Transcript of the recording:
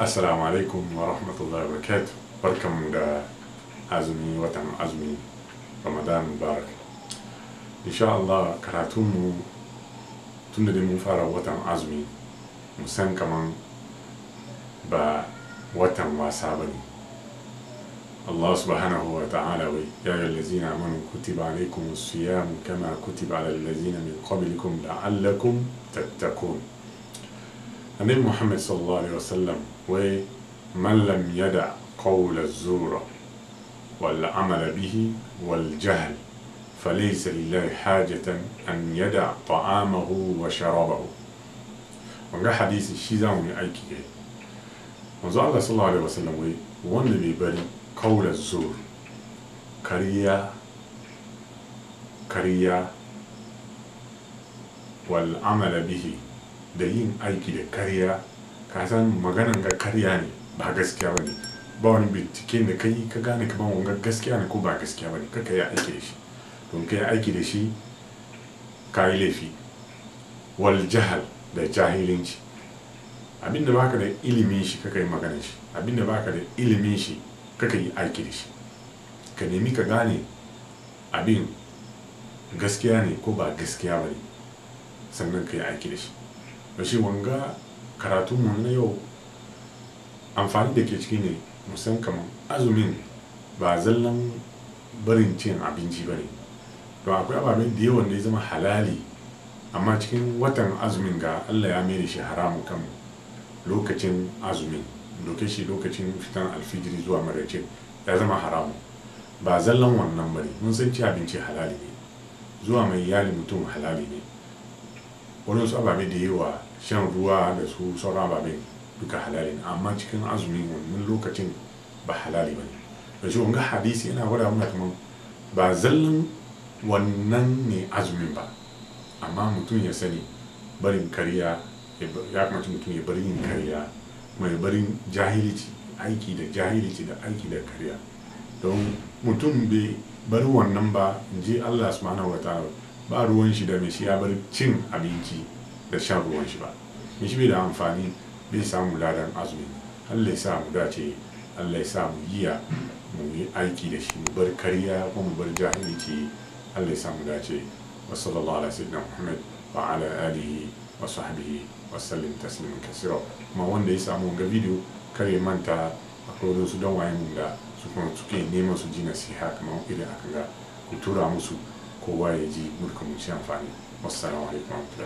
السلام عليكم ورحمة الله وبركاته بركم دا أزمي وتم أزمي رمضان مبارك إن شاء الله كراتون مو تنة دي مفارة وتم أزمي مسان كمان با وتم واسابني الله سبحانه وتعالى يا الذين آمنوا كتب عليكم الصيام كما كتب على الذين من قبلكم لعلكم تتقون عن محمد صلى الله عليه وسلم من لم يدع قول الزور والعمل به والجهل فليس لله حاجة أن يدع طعامه وشرابه وقال حديث الشيزان من أي كي الله صلى الله عليه وسلم وان لم بري قول الزور كريا كريا والعمل به da yin aiki da karya ka san maganan ga karya ne ba gaskiya ba ne ba wani bincike da kai ka gane ka ban wanga gaskiya ne ko ba gaskiya ba ne ka yi aiki da shi don ka yi aiki da shi ka yi laifi wal jahal da jahilinci abinda baka da ilimin shi ka yi maganan shi abinda baka da ilimin shi ka yi aiki da shi ka nemi ka gane abin gaskiya ne ko ba gaskiya ba ne sannan ka yi aiki da shi da shi wanga karatu mu na yau amfani da ke ciki ne musan kamar azumin ba zallan barin cin abinci ba ne to akwai ababen da yawan da ya zama halali amma cikin watan azumin ga allah ya mere shi haramun kan lokacin azumin doke shi lokacin fitan alfijiri zuwa maraice ya zama haramu ba zallan wannan bane mun san ci abinci halali ne zuwa mai iyali mutum halali ne wani wasu ababe da yawa shan ruwa da su sauran ababe duka halali amma cikin azumi wannan lokacin ba halali ba ne da shi wanga hadisi yana gwada muna kamar ba zallin wannan ne azumin ba amma mutum ya sani barin kariya ya kamata mutum ya bari yin kariya mai barin jahilici aiki da jahilici da aiki da kariya don mutum bai bari wannan ba in ji allah subhanahu wa ta'ala ba ruwan shi da mai ya bar cin abinci da shan ruwan shi ba mishi bai da amfani bai samu ladan azumi allah ya sa mu dace allah ya sa mu yiya mu yi aiki da shi mu bar kariya ko mu bar jahilci allah ya sa mu dace wa sallallahu ala sayyidina muhammad wa ala alihi wa sahbihi wa sallim taslimin kasira kuma wanda ya samu ga bidiyo kar ya manta akwai su don waye mun da su kuma suke neman su ji nasiha kamar irin aka ga ku tura musu pour ya à faire mu wassalamu alaikum